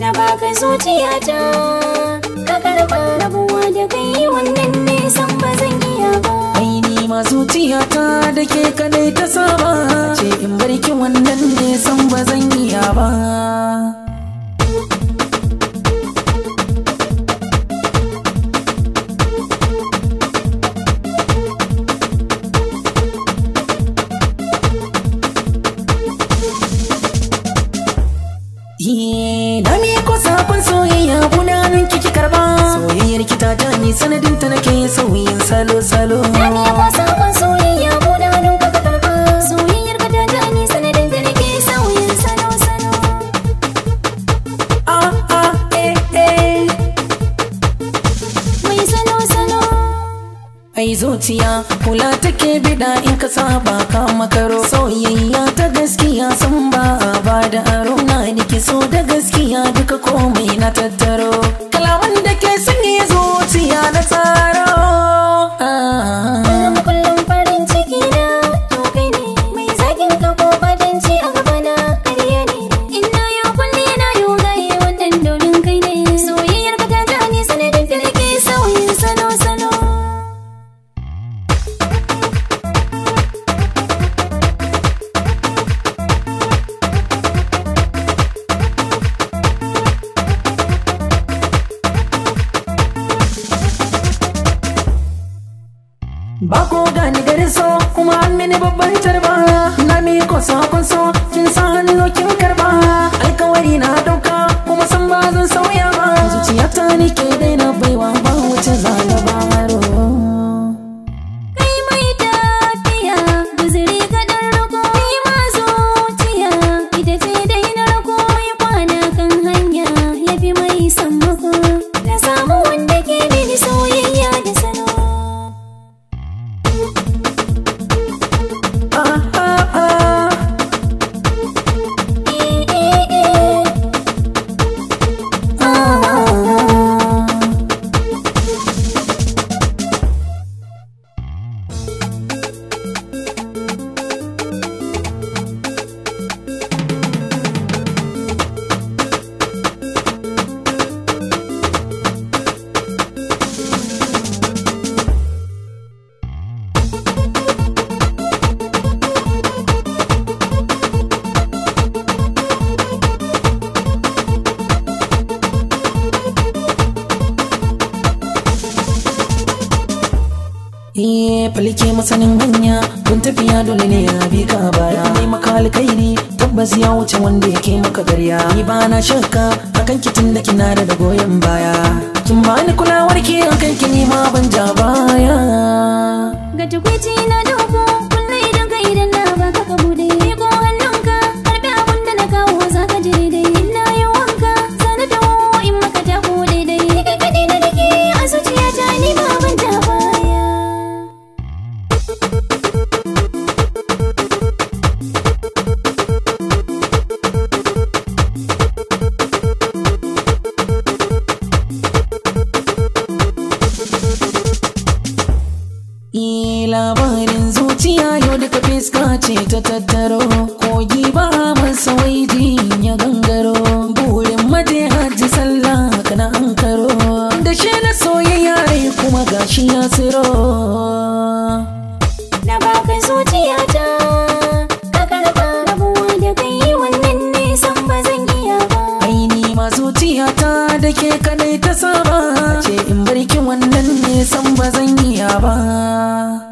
na baka zuciyata ka karba rabuwa da kai wannan nisan ba zan iya ba ai ni ma zuciyata da ke kadai ta saba ce in barki wannan nisan ba zan iya ba sanadin ta nake sauyin salo salo kwasa soyayya soyayyar sanadin ta nake sauyin salo salo ah, ah, eh, eh. Mai salo salo zuciya kula take bida in ka saba ka makaro soyayya ta gaskiya san ba ba da aro na niki so da gaskiya duka komai na tattalin. so kuma an mini babban tarba na miko kun so kin san ne masanin hanya kun tafiya dole ne ya bi ka baya ne maka alkhairi tabbas ya wuce wanda yake maka garya ni ba na shakka akan kitin da kina da goyon baya kin bani kulawar ki akan ki ni ma ban ja baya ga tukwici na duba iska ce ta tattaro kogi ba masa ya gangaro burin maje hajji sallah kana ankaro da shi na soyayya rai kuma gashi ya siro. na baka zuciyata ka karba rabuwa da wannan ba zan ba ma zuciyata da ke kadai ta saba ce in barki wannan nisan ba zan iya ba